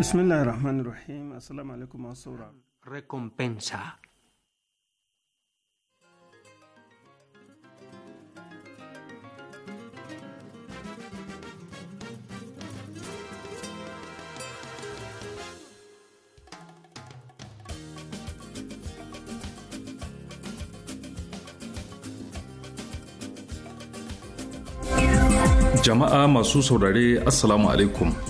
بسم الله الرحمن الرحيم السلام عليكم ورحمه recompensa جماعه مخصوص وراري السلام عليكم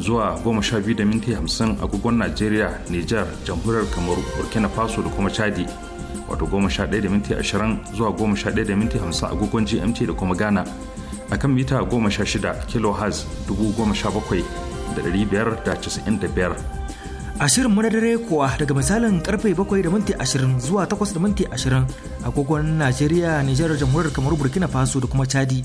zuwa biyu da minti 50 agogon Najeriya, Nijar, Jamhuriyar Kamaru, Burkina Faso da kuma Chadi. Wato ɗaya da minti ashirin zuwa ɗaya da minti 50 agogon GMT da kuma Ghana. Akan mita 16 kHz 17,595. Ashirin mu na dare kuwa daga misalin karfe bakwai da minti ashirin zuwa takwas da minti 20 agogon Najeriya, Nijar, Jamhuriyar Kamaru, Burkina Faso da kuma Chadi.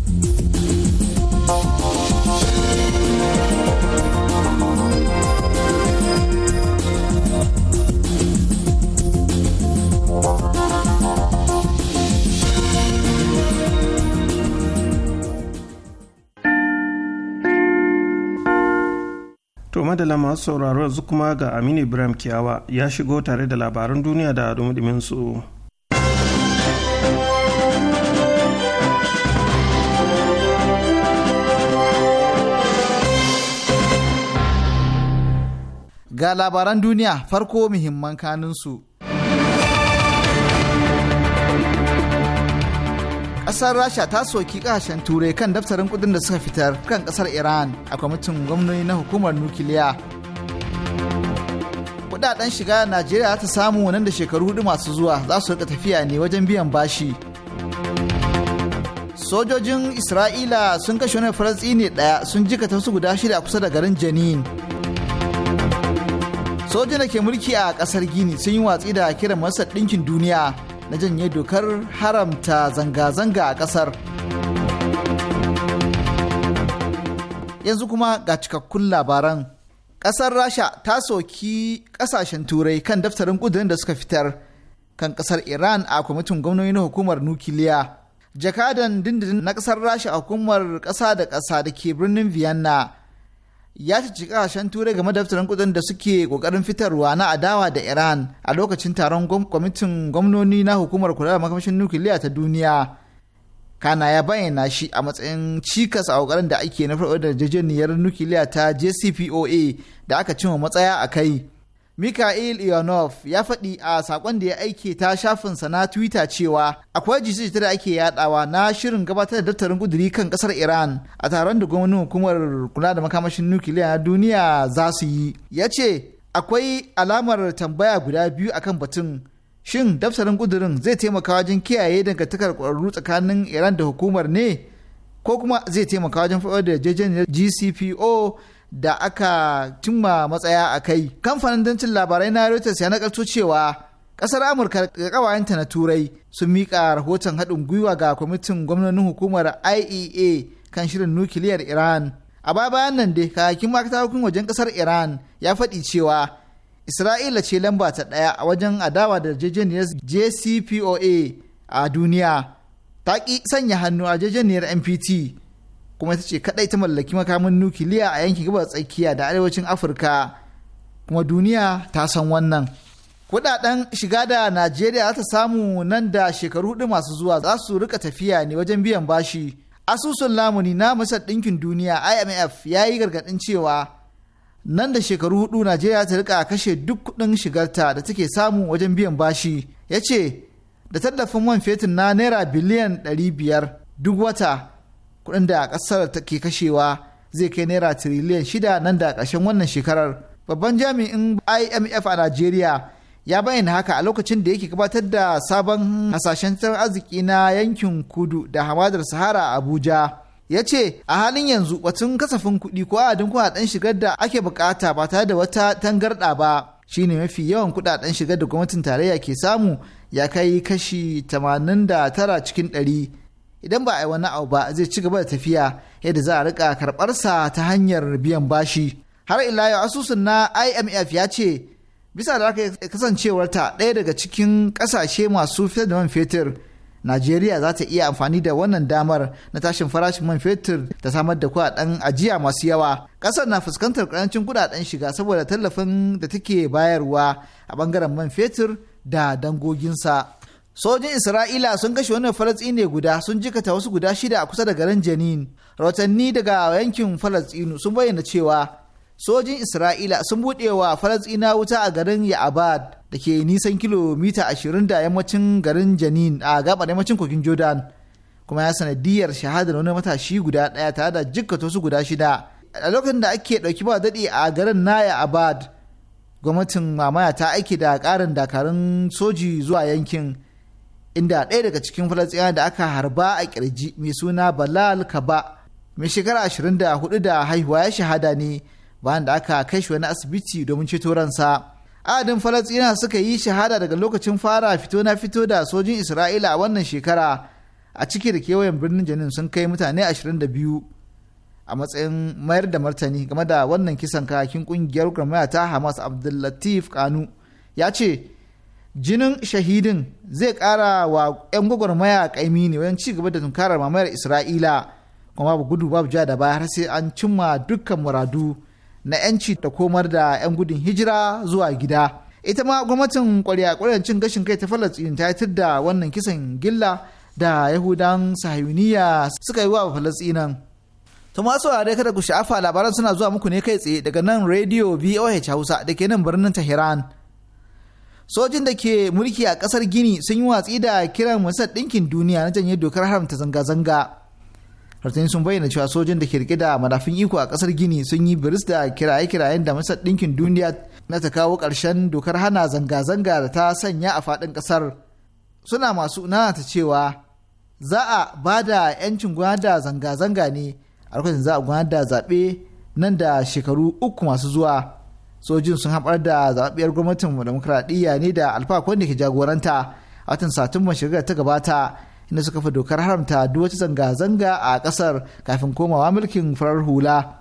da masu sauraro yanzu kuma ga Aminu Ibrahim Kiyawa ya shigo tare da labaran duniya da dumudumin su. Ga labaran duniya farko muhimman kaninsu. kasar rasha ta soki kasashen turai kan daftarin kudin da suka fitar kan kasar iran a kwamitin gwamnoni na hukumar nukiliya kudaden shiga najeriya ta samu nan da shekaru hudu masu zuwa za su rika tafiya ne wajen biyan bashi sojojin isra'ila sun kashe wani ne daya sun jikata wasu guda shida kusa da garin janin sojin da ke mulki a kasar gini sun yi watsi da kiran masar ɗinkin duniya na janye dokar haramta zanga-zanga a ƙasar. Yanzu kuma ga cikakkun labaran. Ƙasar Rasha ta soki ƙasashen Turai kan daftarin ƙudurin da suka fitar kan ƙasar Iran a kwamitin gwamnoni na hukumar nukiliya. Jakadan dindindin na ƙasar Rasha a hukumar ƙasa da ƙasa da ke birnin Vienna ya cici kasashen turai game da daftarin kudin da suke kokarin fitarwa na adawa da iran a lokacin taron kwamitin gwamnoni na hukumar kula da makamashin nukiliya ta duniya kana ya bayyana shi a matsayin cikas a kokarin da ake na da jejeniyar nukiliya ta jcpoa da aka cimma matsaya a kai Mikhail ionov ya faɗi a saƙon da ya aike ta shafinsa na Twitter cewa akwai jita da ake yadawa na shirin gabatar da daftarin ƙuduri kan ƙasar Iran a taron da gwamnatin hukumar kula da makamashin nukiliya na duniya za su yi. Ya ce akwai alamar tambaya guda biyu akan batun shin daftarin ƙudurin zai taimaka wajen kiyaye dangantakar ƙwararru tsakanin Iran da hukumar ne ko kuma zai taimaka wajen faɗo da yarjejeniyar GCPO da aka cimma matsaya a kai kamfanin dancin labarai na reuters ya nakalto cewa kasar amurka da kawayenta na turai sun miƙa rahoton haɗin gwiwa ga kwamitin gwamnonin hukumar iea kan shirin nukiliyar iran a baya bayan nan dai kakakin ma'aikatar hukumar wajen ƙasar iran ya faɗi cewa isra'ila ce lamba ta ɗaya a wajen adawa da yarjejeniyar jcpoa a duniya ta ƙi sanya hannu a yarjejeniyar npt kuma ita ce kadai ta mallaki makamin nukiliya a yankin gabas tsakiya da arewacin afirka kuma duniya ta san wannan kudaden shiga da najeriya za ta samu nan da shekaru hudu masu zuwa za su rika tafiya ne wajen biyan bashi asusun lamuni na masar ɗinkin duniya imf ya yi gargaɗin cewa nan da shekaru hudu najeriya ta rika kashe duk kudin shigarta da take samu wajen biyan bashi ya ce da tallafin man fetur na naira biliyan 500 duk wata kuɗin da ƙasar take kashewa zai kai naira tiriliyan shida nan da ƙarshen wannan shekarar babban jami'in imf a najeriya ya bayyana haka a lokacin da yake gabatar da sabon hasashen tattalin arziki na yankin kudu da hamadar sahara a abuja ya ce a halin yanzu batun kasafin kuɗi ko adadin kuɗaɗen shigar da ake bukata ba tare da wata tangarɗa ba shine mafi yawan kuɗaɗen shigar da gwamnatin tarayya ke samu ya kai kashi 89 cikin ɗari. idan ba a yi wani abu ba zai ci gaba da tafiya yadda za a rika karɓarsa ta hanyar biyan bashi har ila yau asusun na imf ya ce bisa da aka kasancewarta ɗaya daga cikin ƙasashe masu fitar da man fetur najeriya za ta iya amfani da wannan damar na tashin farashin man fetur ta samar da kuɗaɗen ajiya masu yawa ƙasar na fuskantar ƙarancin kuɗaɗen shiga saboda tallafin da take bayarwa a ɓangaren man fetur da dangoginsa. sojin isra'ila sun kashe wani falastini guda sun jikata wasu guda shida a kusa da garin janin rahotanni daga yankin falastinu sun bayyana cewa sojin isra'ila sun buɗe wa falastina wuta a garin ya'abad da ke nisan kilomita ashirin da yammacin garin janin a gabar yammacin kogin jordan kuma ya sanadiyar shahadar wani matashi guda ɗaya tare da jikata wasu guda shida a lokacin da ake ɗauki ba daɗi a garin naya abad gwamnatin mamaya ta aiki da ƙarin dakarun soji zuwa yankin inda ɗaya daga cikin falasɗinawa da aka harba a kirji mai suna balal kaba mai shekara 24 da haihuwa ya shahada ne bayan da aka kai shi wani asibiti domin ceto ransa adadin falasɗina suka yi shahada daga lokacin fara fito na fito da sojin isra'ila a wannan shekara a ciki da kewayen birnin janin sun kai mutane 22 a matsayin mayar da martani game da wannan kisan kayakin ƙungiyar gwamnati ta hamas abdullatif kanu ya ce jinin shahidin zai kara wa 'yan gwagwar maya kaimi ne wajen ci gaba da tunkarar mamayar isra'ila kuma babu gudu babu ja da baya har sai an cimma dukkan muradu na 'yanci da komar da 'yan gudun hijira zuwa gida ita ma gwamnatin kwarya cin gashin kai ta falastin ta yi da wannan kisan gilla da yahudan sahiyuniya suka yi wa falastinan to masu kada ku sha'afa labaran suna zuwa muku ne kai tsaye daga nan radio voh hausa da ke nan birnin tehran sojin da ke mulki a kasar gini sun yi watsi da kiran masar ɗinkin duniya na janye dokar haramta zanga-zanga hartani sun bayyana cewa sojin da ke rike da madafin iko a kasar gini sun yi biris da kiraye-kirayen da masar ɗinkin duniya na ta kawo ƙarshen dokar hana zanga-zanga da ta sanya a faɗin ƙasar suna masu ta cewa za a ba da 'yancin gudanar da zanga-zanga ne a lokacin za a gudanar da zaɓe nan da shekaru uku masu zuwa sojin sun haɓar da zaɓiyar gwamnatin demokuraɗiyya ne da alfa da ke jagoranta a watan satumban shekarar ta gabata inda suka fi dokar haramta duk wata zanga-zanga a ƙasar kafin komawa mulkin farar hula.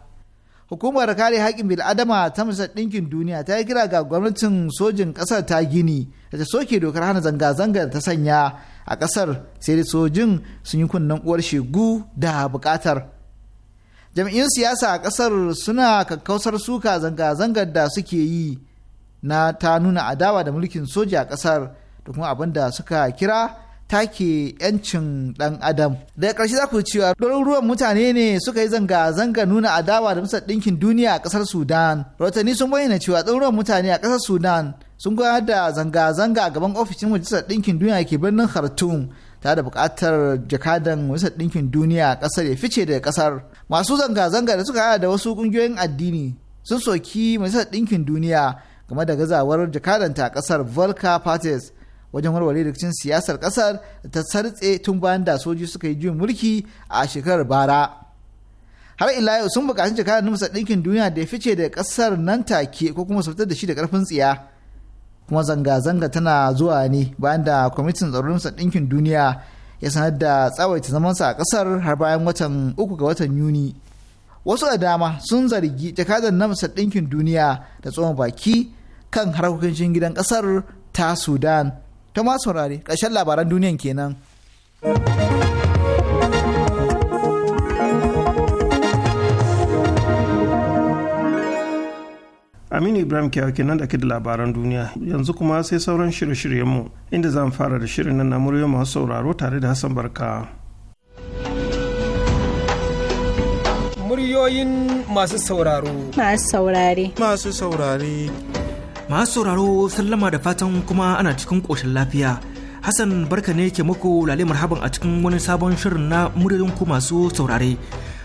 Hukumar kare haƙƙin bil'adama ta Majalisar Ɗinkin Duniya ta yi kira ga gwamnatin sojin ƙasar ta Gini da ta soke dokar hana zanga zanga da ta sanya a ƙasar sai da sojin sun yi kunnen uwar shegu da buƙatar. jam'iyyun siyasa a kasar suna kakkausar suka zanga-zangar da suke yi na ta nuna adawa da mulkin soja a kasar da kuma abin da suka kira take 'yancin dan adam daga karshe za ku cewa ɗaruruwan mutane ne suka yi zanga-zanga nuna adawa da musar ɗinkin duniya a ƙasar sudan rahotanni sun bayyana cewa ɗaruruwan mutane a ƙasar sudan sun gudanar da zanga-zanga a gaban ofishin majalisar ɗinkin duniya ke birnin khartoum tare da buƙatar jakadan majalisar ɗinkin duniya a ƙasar ya fice daga ƙasar masu zanga-zanga da suka haɗa da wasu ƙungiyoyin addini sun soki majalisar ɗinkin duniya game da gazawar jakadanta a ƙasar volker partes wajen warware rikicin siyasar ƙasar ta sartse tun bayan da soji suka yi juyin mulki a shekarar bara har ila yau sun buƙaci jakadar na ɗinkin duniya da ya fice da ƙasar nan take ko kuma su fitar da shi da ƙarfin tsiya kuma zanga-zanga tana zuwa ne bayan da kwamitin tsaron majalisar ɗinkin duniya ya sanar da tsawaita zamansa a kasar har bayan watan uku ga watan yuni wasu da dama sun zargi jakadar na masar ɗinkin duniya da tsohon baki kan harkokin gidan kasar ta sudan ta masu saurare ƙarshen labaran duniyan kenan. Aminu Ibrahim Kiyawa kenan da da labaran duniya yanzu kuma sai sauran shirye-shiryenmu inda za mu fara da shirin nan na muryoyi masu sauraro tare da Hassan Barka. Muryoyin masu sauraro. Masu saurare. Masu saurare. Masu sauraro sallama da fatan kuma ana cikin ƙoshin lafiya. Hassan barka ne ke muku lale marhaban a cikin wani sabon shirin na muryoyin ku masu saurare.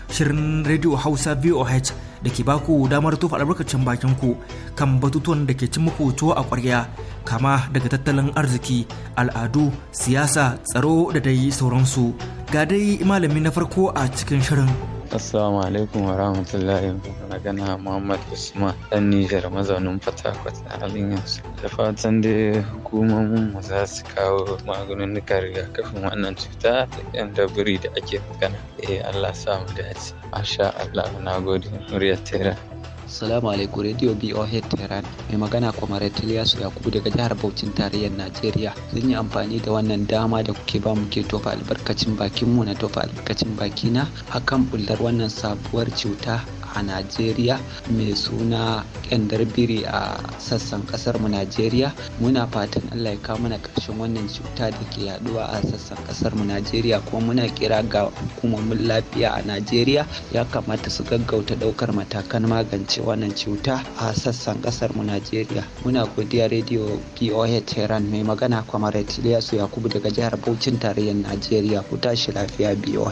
Shirin Radio Hausa VOH da ke baku damar tufa albarkacin bakin ku kan batutuwan da ke cin muku tuwo a ƙwarya kama daga tattalin arziki al'adu siyasa tsaro da dai sauransu ga dai malami na farko a cikin shirin. Assalamu alaikum wa rahmatullahi magana Muhammad Usman dan Nijar mazaunin Fatakwat a halin yanzu. Da fatan da hukumomin mu za su kawo magungunan rigakafin wannan cuta da yan daburi da ake magana. Eh Allah sa mu dace. Masha Allah na gode muryar tera. Salamu alaikum Radio BOH Tehran. Mai magana Kwamare Tiliyasu Yakubu daga jihar Bauchin tarayyar Najeriya. Zan yi amfani da wannan dama da kuke ba mu ke tofa albarkacin bakin mu na tofa albarkacin bakina akan bullar wannan sabuwar cuta a najeriya mai suna kyandar biri a sassan kasar mu najeriya muna fatan allah ya kawo mana karshen wannan cuta da ke yaduwa a sassan kasar mu najeriya kuma muna kira ga hukumomin lafiya a najeriya ya kamata su gaggauta daukar matakan magance wannan cuta a sassan kasar mu najeriya muna godiya rediyo boh tehran mai magana kwamar su yakubu daga jihar bauchin tarayyar najeriya ku tashi lafiya boh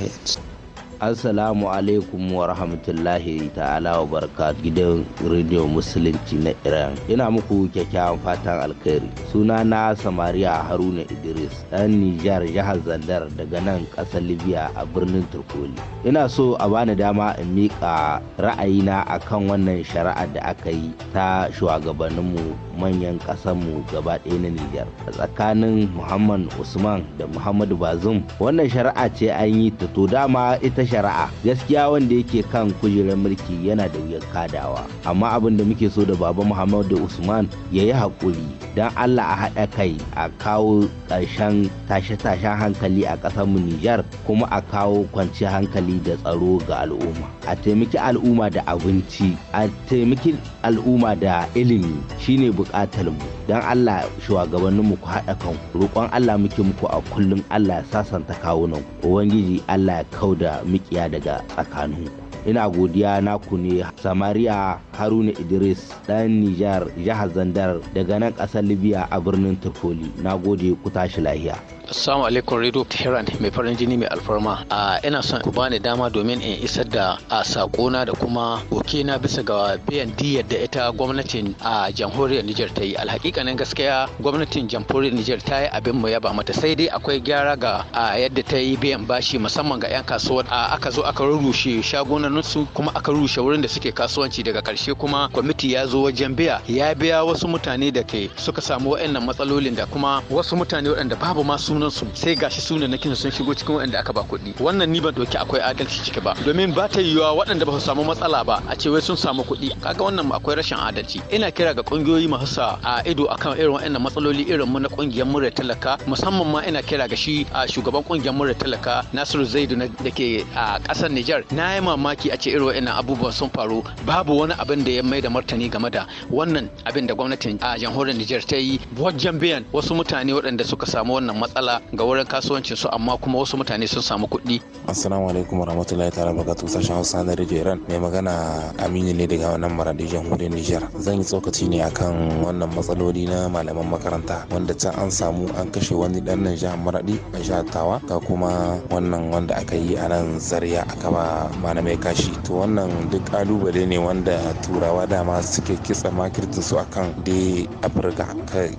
Assalamu alaikum wa rahmatullahi ta'ala wa barka gidan Radio Musulunci na Iran. Ina muku kyakkyawan fatan alkhairi. Suna na Samaria Haruna Idris, ɗan Nijar jihar Zandar daga nan ƙasar Libya a birnin Tripoli. Ina so a bani dama in miƙa ra'ayina a kan wannan shari'a da aka yi ta shugabanninmu manyan ƙasarmu gaba ɗaya na Nijar. Tsakanin Muhammad Usman da Muhammadu Bazum wannan shari'a ce an yi ta to dama ita shari'a gaskiya wanda yake kan kujerar mulki yana da wuyar kadawa amma abin da muke so da baba muhammadu usman ya yi haƙuri don allah a haɗa kai a kawo ƙarshen tashe-tashen hankali a ƙasar mu nijar kuma a kawo kwanciyar hankali da tsaro ga al'umma a taimaki al'umma da abinci a taimaki al'umma da ilimi shine buƙatar mu don allah shugabanninmu ku haɗa kan roƙon allah muke muku a kullum allah ya sasanta kawunan ubangiji allah ya kauda mikiya daga tsakaninku ina godiya naku ne samaria haruna idris ɗan nijar jihar zandar daga nan ƙasar libya a birnin tripoli na gode ku tashi lahiya Assalamu alaikum Radio Tehran mai farin jini mai alfarma. A ina son ku bani dama domin in isar da a sakona da kuma na bisa ga biyan diyar da ita gwamnatin a jamhuriyar Nijar ta yi. Alhakikanin gaskiya gwamnatin jamhuriyar Nijar ta yi abin mu yaba mata sai dai akwai gyara ga a yadda ta yi biyan bashi musamman ga 'yan kasuwa a aka zo aka rurrushe shagunansu kuma aka rushe wurin da suke kasuwanci daga karshe kuma kwamiti ya zo wajen biya ya biya wasu mutane da ke suka samu wa'annan matsalolin da kuma wasu mutane waɗanda babu masu sunan su sai gashi sunan na kinsa sun shigo cikin waɗanda aka ba kuɗi wannan ni ban doki akwai adalci ciki ba domin ba ta yiwuwa waɗanda ba su samu matsala ba a ce wai sun samu kuɗi kaga wannan akwai rashin adalci ina kira ga ƙungiyoyi masu sa a ido akan irin wa'annan matsaloli irin mu na ƙungiyar murya talaka musamman ma ina kira ga shi a shugaban ƙungiyar murya talaka Nasiru Zaidu da ke a ƙasar Nijar na yi mamaki a ce irin wa'annan abubuwan sun faru babu wani abin da ya mai da martani game da wannan abin da gwamnatin a jamhuriyar Nijar ta yi wajen biyan wasu mutane waɗanda suka samu wannan matsala wahala ga wurin kasuwancin su amma kuma wasu mutane sun samu kuɗi. Assalamu alaikum warahmatullahi ta'ala barakatuh sashen Hausa na Radio Iran mai magana Aminu ne daga wannan maradin jamhuriyar Nijar. Zan yi tsokaci ne akan wannan matsaloli na malaman makaranta wanda can an samu an kashe wani dan nan Maradi a jihar Tawa ga kuma wannan wanda aka yi a nan Zaria aka ba malamai kashi. To wannan duk kalubale ne wanda turawa dama suke kitsa makirtin su akan dai Afirka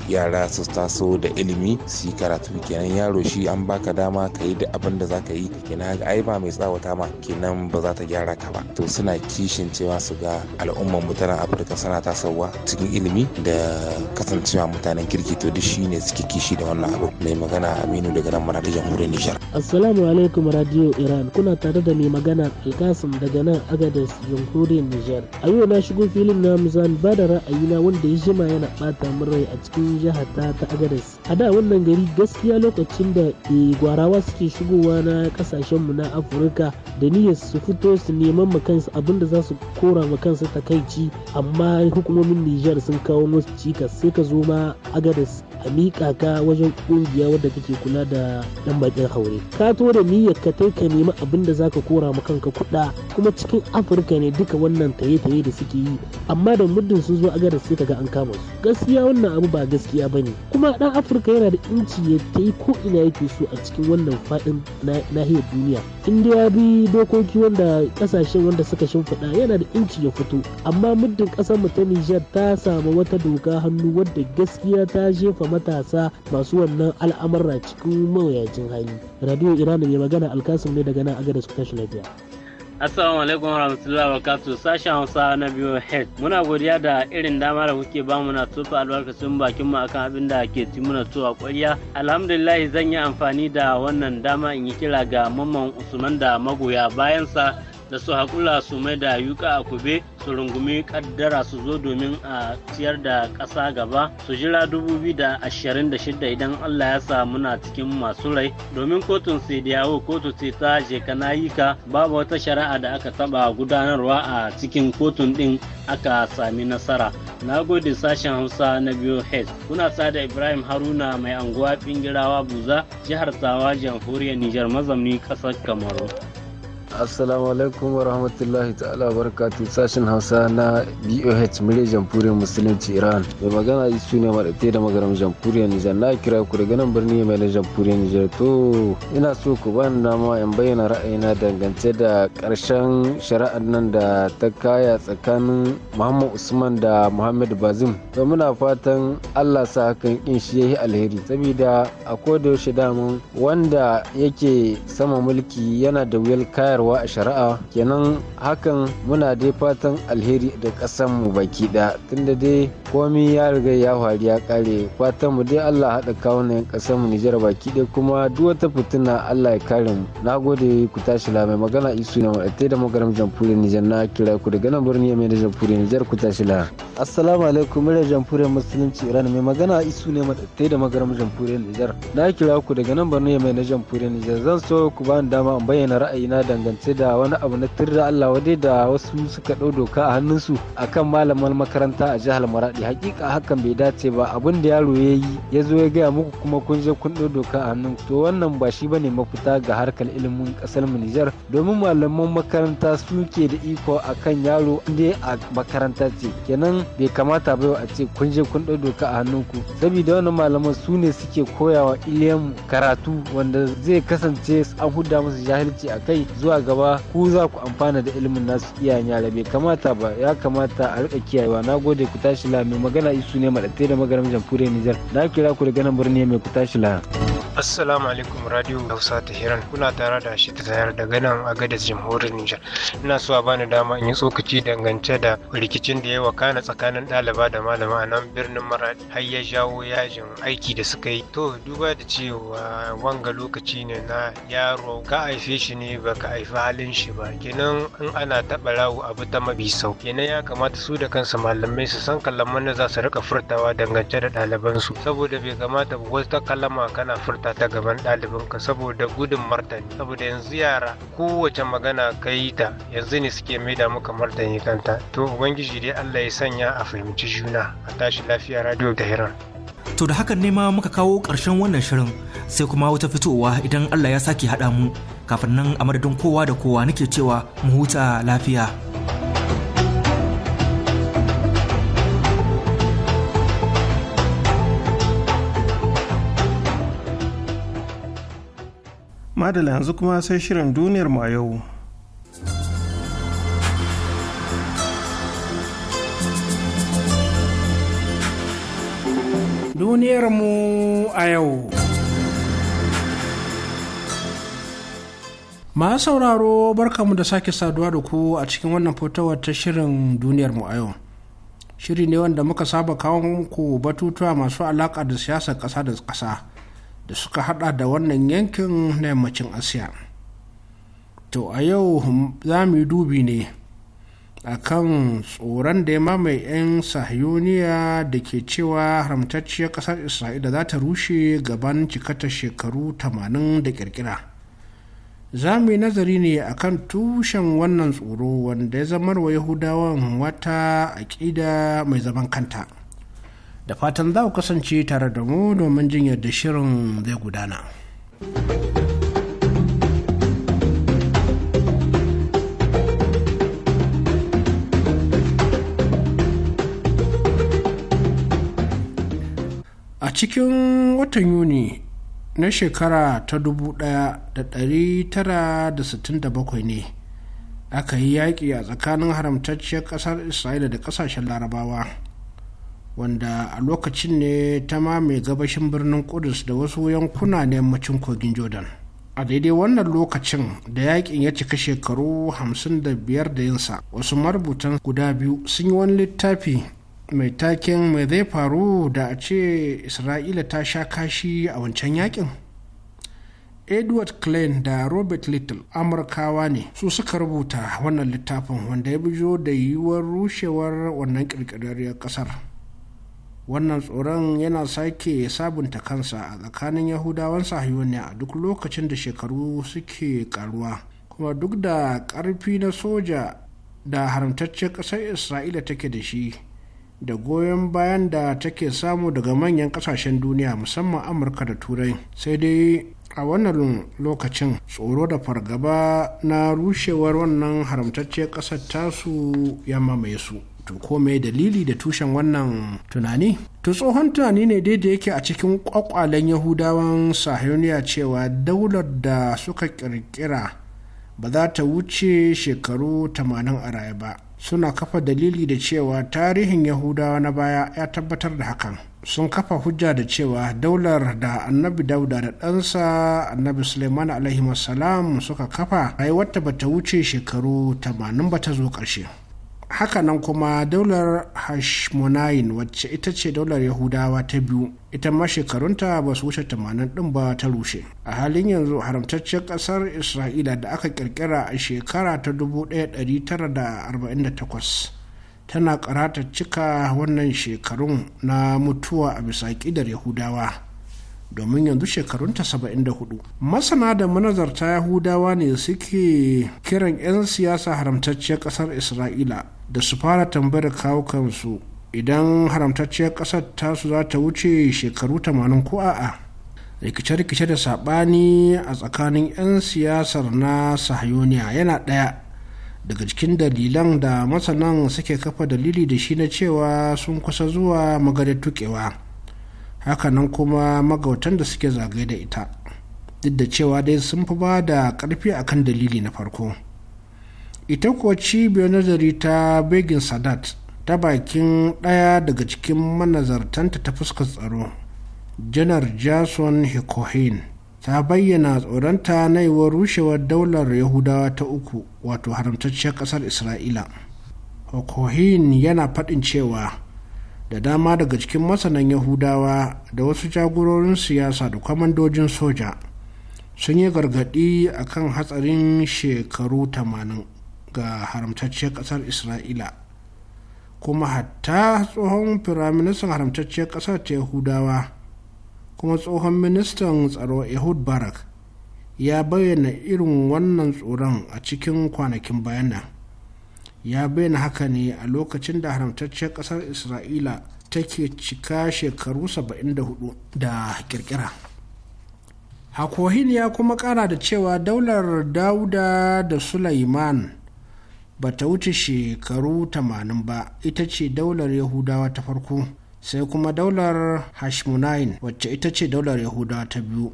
yara su taso da ilimi su yi karatu kenan yaro shi an baka dama ka yi da abin da za ka yi kenan ai ba mai tsawata ma kenan ba za ta gyara ka ba to suna kishin cewa su ga al'umman mutanen afirka suna tasowa cikin ilimi da kasancewa mutanen kirki to duk shi ne suke kishi da wannan abu mai magana aminu daga nan mara da jamhuriyar nijar assalamu alaikum radio iran kuna tare da mai magana alkasim daga nan agadez jamhuriyar nijar a yau na shigo filin na muzan ba da ra'ayina wanda ya jima yana bata min rai a cikin jihar ta ta agadez a da wannan gari gaskiya lokacin da eh, gwarawa suke shigowa na kasashenmu na afirka da niyyar su fito su neman ma kansu abinda za su kora ma kansu takaici amma hukumomin nijar sun kawo musu cikas sai ka zo ma agadas a miƙa ka wajen ƙungiya wadda kake kula da ɗan bakin haure ka to da niyyar ka kai ka nemi abin da za ka kora ma kanka kuɗa kuma cikin afirka ne duka wannan taye-taye da suke yi amma da muddin sun zo agadas sai ka ga an kama su gaskiya wannan abu ba gaskiya ba ne. kuma ɗan afirka yana da inci ya ta ko ina yake so a cikin wannan faɗin nahiyar duniya indiya ya bi dokoki wanda kasashen wanda suka shimfiɗa yana da inci ya fito amma muddin ƙasar mu ta Nijar ta samu wata doka hannu wadda gaskiya ta jefa matasa masu wannan al'amarra cikin mawuyacin hali radio iran mai magana alkasim ne daga nan agada su tashi lafiya Assalamu alaikum wa wabarakatuh sashen Hausa na biyu head. Muna godiya da irin dama da kuke ba mu na tofa albarkacin bakin mu akan abin da ke ci muna tuwa ƙwarya. Alhamdulillah zan yi amfani da wannan dama in yi kira ga mamman Usman da magoya bayansa da su haƙula su mai da yuka a kube su rungumi ƙaddara su zo domin a ciyar da ƙasa gaba su jira dubu da da ashirin shida idan Allah ya sa muna cikin masu rai domin kotun sai da yawo kotu ce ta je ka babu wata shari'a da aka taba gudanarwa a cikin kotun din aka sami nasara na gode sashen hausa na biyu hez kuna sada ibrahim haruna mai anguwa bingirawa buza jihar tawa jamhuriyar nijar mazamni ƙasar kamaru assalamu alaikum wa rahmatullahi ta'ala barakatu sashen hausa na boh murya jamhuriyar musulunci iran mai magana su ne maɗaɗe da magaram jamhuriyar nijar na kira ku daga nan birni mai na jamhuriyar nijar to ina so ku ba ni dama in bayyana ra'ayina dangance da ƙarshen shari'ar nan da ta kaya tsakanin muhammad usman da muhammad Bazim? to muna fatan allah sa hakan in shi yayi alheri saboda a koda yaushe daman wanda yake sama mulki yana da wuyar kayarwa aiwatarwa a shari'a kenan hakan muna dai fatan alheri da ƙasar mu baki ɗaya tunda dai komi ya riga ya faru ya kare fatan mu dai Allah haɗa kawunan ƙasar mu Nijar baki ɗaya kuma duk wata fitina Allah ya kare mu nagode ku tashi la mai magana isu ne mai da magaram jamhuriyar Nijar na kira ku daga nan birni mai da jamhuriyar Nijar ku tashi la assalamu alaikum mai jamhuriyar musulunci Iran mai magana isu ne mai da magaram jamhuriyar Nijar na kira ku daga nan birni mai na jamhuriyar Nijar zan so ku ba ni dama in bayyana ra'ayina dangance da wani abu na tirda Allah wadai da wasu suka ɗau doka a hannunsu akan malaman makaranta a jihar Maradi hakika hakan bai dace ba abin da yaro ya yi ya zo ya gaya muku kuma kun je kun ɗau doka a hannun to wannan ba shi ne mafita ga harkar ilimin ƙasar mu Nijar domin malaman makaranta su ke da iko a kan yaro inda a makaranta ce kenan bai kamata ba a ce kun je kun ɗau doka a hannun ku saboda wannan malaman su ne suke koyawa iliyan karatu wanda zai kasance an huda musu jahilci a kai zuwa gaba ku za ku amfana da ilimin nasu iyayen yara bai kamata ba ya kamata a rika kiyayewa na gode ku tashi lami mai magana isu ne maɗatai da magaram jamhuriyar Nijar. Na kira ku daga nan birni mai kuta shi assalamu alaikum radio hausa hiran kuna tare da shi ta tayar daga nan gadas jamhuriyar nijar ina so a bani dama in yi tsokaci dangance da rikicin da ya wakana tsakanin ɗaliba da malama a nan birnin maradi har ya jawo yajin aiki da suka yi to duba da cewa wanga lokaci ne na yaro ka haife shi ne ba ka haifi halin shi ba kenan in ana taɓa rawu abu ta mabi sau kenan ya kamata su da kansa, malamai su san kalaman da za su riƙa furtawa dangance da ɗalibansu saboda bai kamata wata kalama kana furta ta ta gaban ɗalibinka saboda gudun martani saboda yanzu yara kowace magana ka yi ta yanzu ne suke maida muka martani kanta to ubangiji dai Allah ya sanya a fahimci juna a tashi lafiya radio da hirar To da hakan ne ma muka kawo ƙarshen wannan shirin sai kuma wata fitowa idan Allah ya sake haɗa mu kafin nan a madadin kowa da kowa nake cewa mu huta lafiya. madala yanzu kuma sai shirin duniyar mu a yau duniyar mu a yau Ma sauraro barkamu da sake saduwa da ku a cikin wannan fitowar ta shirin duniyar mu a yau. Shiri ne wanda muka saba kawo ku batutuwa masu alaƙa da siyasar ƙasa da ƙasa da suka hada da wannan yankin na yammacin asiya to a yau za mu yi dubi ne a kan tsoron da ya mamaye 'yan sahiyoniya da ke cewa haramtacciyar ƙasar isra'ila za ta rushe gaban cikata shekaru 80 da ƙirƙira. za mu yi nazari ne a kan tushen wannan tsoro wanda ya zamarwa yahudawan wata aƙida mai zaman kanta. da fatan za ku kasance tare da mu domin jin yadda shirin zai gudana. A cikin watan Yuni na shekara ta 1967 ne aka yi yaƙi a tsakanin haramtacciyar ƙasar Isra'ila da ƙasashen Larabawa. wanda a lokacin ne ta mame gabashin birnin kudus da wasu yankuna na yammacin kogin jordan a daidai wannan lokacin da yakin ya cika shekaru 55 da yinsa wasu marubutan guda biyu sun yi wani littafi mai taken mai zai faru da a ce isra'ila ta sha kashi a wancan yakin edward klein da robert little amurkawa ne su suka rubuta wannan littafin wanda ya bijo da yiwuwar rushewar wannan ƙirƙirarriyar ƙasar wannan tsoron yana sake sabunta kansa a tsakanin yahudawan sahiyoniya a duk lokacin da shekaru suke karuwa kuma duk da ƙarfi na soja da haramtaccen ƙasar isra'ila take da shi da goyon bayan da take samu daga manyan ƙasashen duniya musamman amurka da turai sai dai a wannan lokacin tsoro da fargaba na rushewar wannan haramtacciyar ƙasar tasu ya mamaye su to ko mai dalili da tushen wannan tunani to tsohon tunani ne dai da yake a cikin kwakwalen yahudawan sahiyoniya cewa daular da suka kirkira ba za ta wuce shekaru 80 a raye ba suna kafa dalili da cewa tarihin yahudawa na baya ya tabbatar da hakan sun kafa hujja da cewa daular da annabi dauda da ɗansa annabi suleiman alaihi suka kafa rayuwar ba ta wuce shekaru 80 ba ta zo ƙarshe hakanan kuma daular hashmonayin wacce ita ce daular yahudawa ta biyu ita ma shekarunta ba su wuce tamanin din ba ta rushe a halin yanzu haramtaccen kasar isra'ila da aka kirkira a shekara ta 1948 tana karata cika wannan shekarun na mutuwa a bisa ƙidar yahudawa domin yanzu shekarun shekarunta 74 masana da manazarta yahudawa ne suke kiran 'yan siyasa haramtacciyar kasar isra'ila da su fara tambayar kawo kansu idan haramtacciyar kasar tasu za ta wuce shekaru 80 ko a'a rikice-rikice da saɓani a tsakanin 'yan siyasar na sahayoniya yana ɗaya daga cikin dalilan da masanan suke kafa dalili da shi na cewa sun kusa zuwa magadar tukewa hakanan kuma magautan da suke zagaye da ita duk da cewa dai sun fi ba da ƙarfi kan dalili na farko ita kuwa cibiyar nazari ta begin sadat ta bakin ɗaya daga cikin manazartanta ta fuskar tsaro janar jason hikohin ta bayyana tsoronta na yiwuwar rushewar daular yahudawa ta uku wato haramtacciyar ƙasar isra'ila hikohin yana faɗin cewa da dama daga cikin masanan yahudawa da wasu jagororin siyasa da kwamandojin soja sun yi gargaɗi a kan hatsarin shekaru 80 ga haramtacciyar ƙasar isra'ila kuma hatta tsohon firaministan haramtacciyar ƙasar ta yahudawa kuma tsohon ministan tsaro yahud barak ya bayyana irin wannan tsoron a cikin kwanakin bayan nan ya bayyana haka ne a lokacin da haramtacciyar ƙasar isra'ila take cika shekaru 74 da kirkira hakohin ya kuma ƙara da cewa daular dauda da sulaiman ba ta wuce shekaru 80 ba ita ce daular yahudawa ta farko sai kuma daular hashmonain wacce ita ce daular yahudawa ta biyu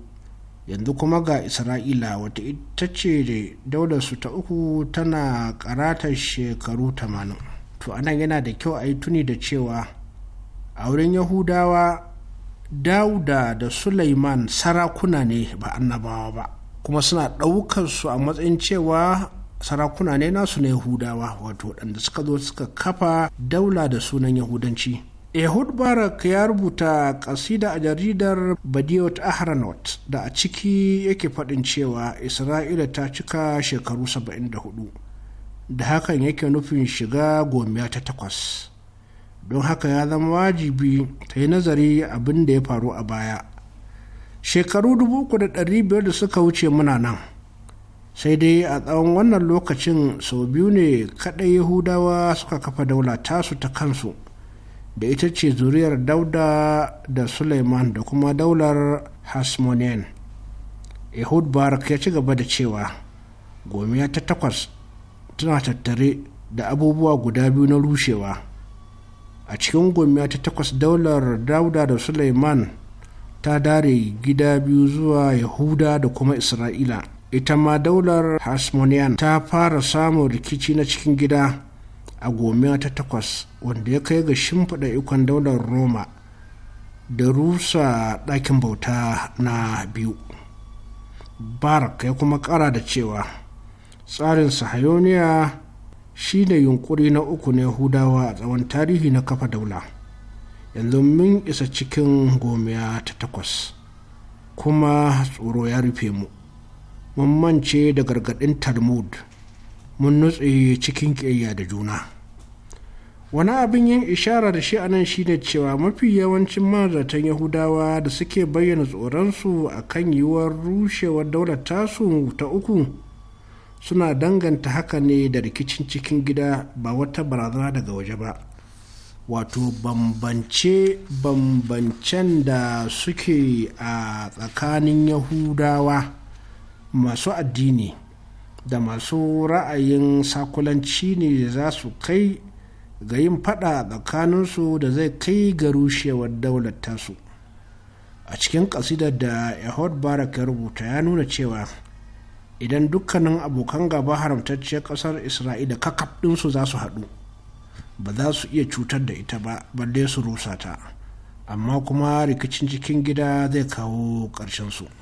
yanzu kuma ga isra'ila wata ita ce da su ta uku tana karatar shekaru 80 to anan yana da kyau a yi tuni da cewa a wurin yahudawa dauda da suleiman sarakuna ne ba annabawa ba kuma suna ɗaukar su a matsayin cewa sarakuna ne nasu na yahudawa wato waɗanda suka zo suka kafa daula da sunan yahudanci Yahud Barak ya rubuta kasida a jaridar Badiot Ahranot da a ciki yake faɗin cewa Isra'ila ta cika shekaru 74 da hakan yake nufin shiga gomiya ta takwas. Don haka ya zama wajibi ta yi nazari abin da ya faru a baya. Shekaru 3,500 da suka wuce muna nan. sai dai a tsawon wannan lokacin sau biyu ne kaɗai Yahudawa suka kafa daula tasu ta kansu. da ita ce zuriyar dauda da suleiman da kuma daular hasmonian ehud barak ya ci gaba da cewa gomiya ta takwas tana tattare da abubuwa guda biyu na rushewa a cikin gomiya ta takwas daular dauda da suleiman ta dare gida biyu zuwa yahuda da kuma isra'ila ita ma daular hasmonian ta fara samun rikici na cikin gida a gomiya ta takwas wanda ya kai ga shimfiɗa ikon daular roma da rusa ɗakin bauta na biyu barak ya kuma ƙara da cewa tsarin sahayoniya shine yunkuri na uku na yahudawa a tsawon tarihi na kafa daula yanzu mun isa cikin gomiya ta takwas kuma tsoro ya rufe mu mun mance da gargaɗin talmud mun nutse cikin ƙiyayya da juna wani abin yin ishara da shi anan shine cewa mafi yawancin manzatan yahudawa da suke bayyana tsoronsu a kan yiwuwar rushewar daular tasu ta uku suna danganta haka ne da rikicin cikin gida ba wata barazana daga waje ba wato bambance bambancen da suke a tsakanin yahudawa masu addini da masu ra'ayin sakulanci ne za su kai ga yin fada tsakaninsu da zai kai ga rushewar daular a cikin kasidar da ehud barak ya rubuta ya nuna cewa idan dukkanin abokan gaba haramtacciyar kasar isra'ila kakaf ɗinsu za su haɗu ba za su iya cutar da ita ba balle su rusa ta amma kuma rikicin cikin gida zai kawo ƙarshensu su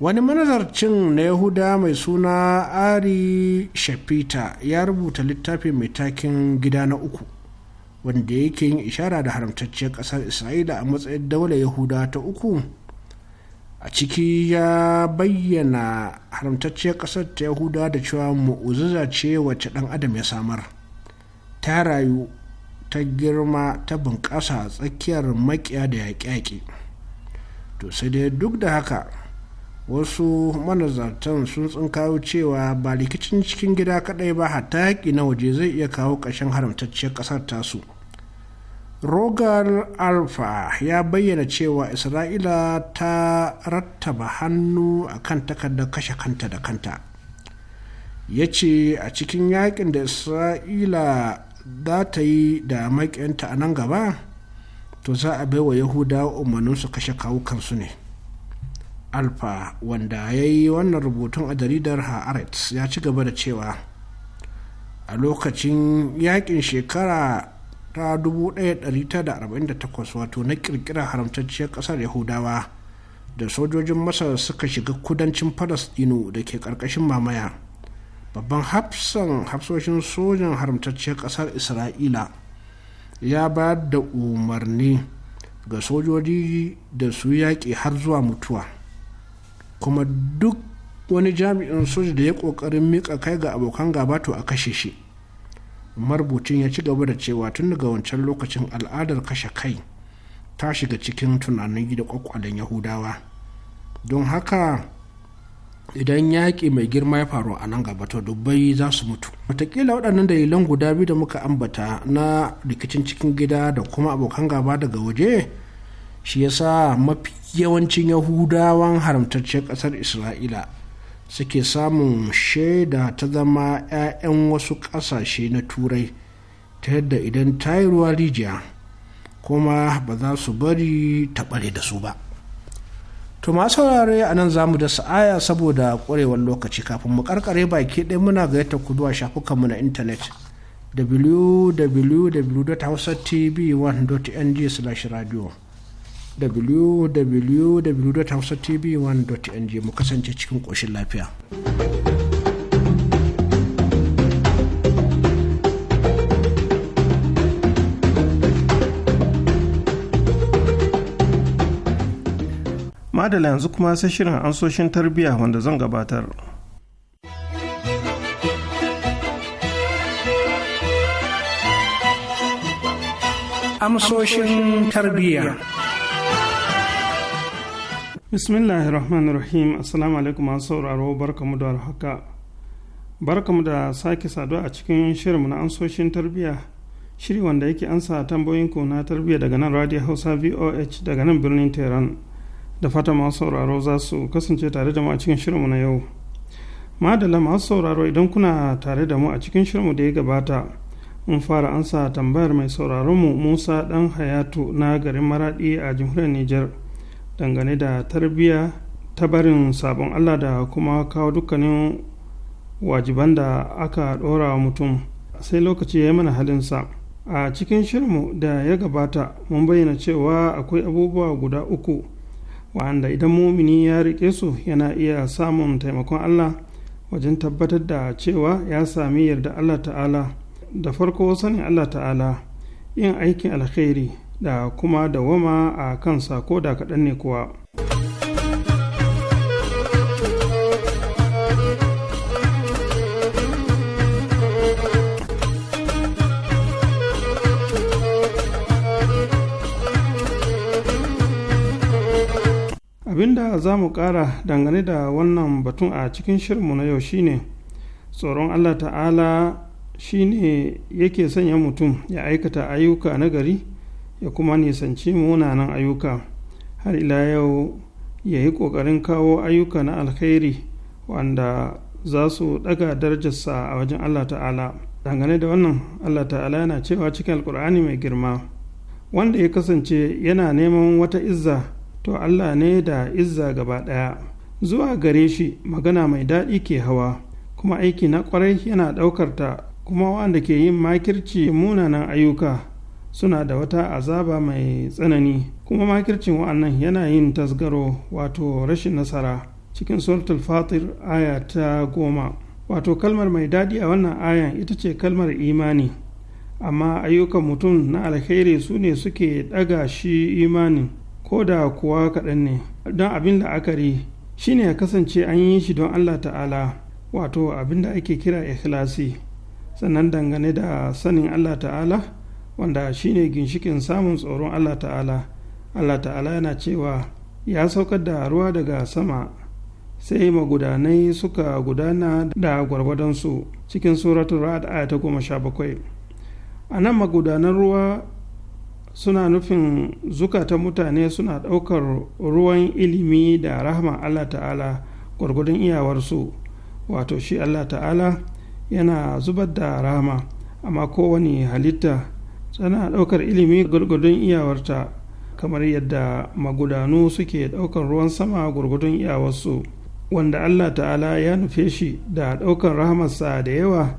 wani manazarcin na yahuda mai suna ari shafita ya rubuta littafin mai takin gida na uku wanda yake yin ishara da haramtacciyar ƙasar isra'ila a matsayin daular yahuda ta uku a ciki ya bayyana haramtacciyar ƙasar ta yahuda da cewa mu'uziza ce wacce ɗan adam ya samar ta rayu ta girma ta bunƙasa tsakiyar maƙiya da yaƙe-yaƙe to sai dai duk da haka wasu manazartan sun tsinkawo cewa ba rikicin cikin gida kadai ba hatta yaƙi na waje zai iya kawo ƙashin haramtacciyar ƙasar tasu rogar alfa ya bayyana cewa isra'ila ta rattaba hannu a kan takardar kashe kanta da kanta ya ce a cikin yakin da isra'ila za ta yi da maƙiyanta a nan gaba to za a baiwa yahudawa umarnin su kashe kawukansu ne alfa wanda ya yi wannan rubutun a jaridar haaretz ya ci gaba da cewa a lokacin yakin shekara ta 1948 wato na kirkira haramtacciyar kasar yahudawa da sojojin masar suka shiga kudancin falasdino da ke karkashin mamaya babban hafsan hafsoshin sojan haramtacciyar kasar isra'ila ya ba da umarni ga sojoji da su yaƙi har zuwa mutuwa kuma duk wani jami'in soja da ya ƙoƙarin mika kai ga abokan gaba to a kashe shi marubucin ya ci gaba da cewa tun daga wancan lokacin al'adar kashe kai ta shiga cikin tunanin gida kwakwalen yahudawa don haka idan yaƙi mai girma ya faru a nan gaba to dubbai za su mutu watakila waɗannan dalilan guda biyu da muka ambata na rikicin cikin gida da kuma abokan gaba daga waje shi yasa mafi yawancin yahudawan haramtaccen ƙasar isra'ila suke samun shaida ta zama 'ya'yan wasu ƙasashe na turai ta yadda idan ta yi ruwa rijiya kuma ba za su bari ta ɓale da su ba to ma saurare a nan zamu mu da sa'aya saboda ƙwarewar lokaci kafin mu karkare baki ɗaya muna gayyata ku zuwa shafukanmu na intanet www.hausatv1.ng/radio www.hausatv1.ng mu kasance cikin ƙoshin lafiya. madala yanzu kuma sai shirin ansoshin tarbiyya wanda zan gabatar. Amsoshin tarbiyya. Bismillahi rahmanir rahim assalamu alaikum masu sauraro barkamu da haka barkamu da sake saduwa a cikin shirinmu na ansoshin tarbiyya shiri wanda yake ansa tambayoyin ku na tarbiyya daga nan radio hausa voh daga nan birnin tehran da fata masu sauraro za su kasance tare da mu a cikin shirinmu na yau madalla masu sauraro idan kuna tare da mu a cikin shirinmu da ya gabata mun fara ansa tambayar mai sauraron sauraronmu musa dan hayatu na garin maradi a jamhuriyar niger dangane da tarbiyya ta barin sabon allah da kuma kawo dukkanin wajiban da aka ɗora wa mutum sai lokaci ya yi mana halinsa a cikin shirmu da ya gabata mun bayyana cewa akwai abubuwa guda uku wanda idan mumini ya riƙe su yana iya samun taimakon allah wajen tabbatar da cewa ya sami yarda allah ta'ala da farko sanin allah ta'ala yin aikin alkhairi da kuma dawama a kansa ko da kaɗan ne kuwa. abinda za mu ƙara dangane da wannan batun a cikin shirinmu na yau shine tsoron allah ta'ala shine yake sanya mutum ya aikata ayyuka na gari ya kuma nisanci munanan ayyuka har ila yau ya yi ƙoƙarin kawo ayyuka na alkhairi wanda za su ɗaga darajarsa a wajen allah ta'ala dangane da wannan allah ta'ala yana cewa cikin alkur'ani mai girma wanda ya kasance yana neman wata izza to allah ne da izza gaba ɗaya zuwa gare shi magana mai daɗi ke hawa kuma aiki na ƙwarai yana ɗaukarta, kuma wanda ke yin makirci munanan ayyuka suna da wata azaba mai tsanani kuma makircin wa'annan yana yin tasgaro wato rashin nasara cikin suratul fatir aya ta goma wato kalmar mai daɗi a wannan ayan ita ce kalmar imani amma ayyukan mutum na alkhairi su ne suke ɗaga shi imanin ko da kuwa kaɗan ne don abin la'akari shine ya kasance an yi shi don allah ta'ala wato abin da ake kira ikhlasi sannan dangane da sanin allah ta'ala wanda shine ginshikin samun tsoron allah ta'ala allah ta'ala yana cewa ya saukar da ruwa daga sama sai magudanai suka gudana da gwargwadonsu cikin suratun ra'ad aya ta goma sha bakwai a nan magudanan ruwa suna nufin zukatan mutane suna ɗaukar ruwan ilimi da rahama allah ta'ala gwargwadon iyawarsu wato shi allah ta'ala yana zubar da rahama amma kowane halitta tana ɗaukar ilimi gurgudun iyawarta kamar yadda magudanu suke ɗaukar ruwan sama gurgudun iyawarsu wanda allah ta'ala ya nufe shi da ɗaukar rahamarsa da yawa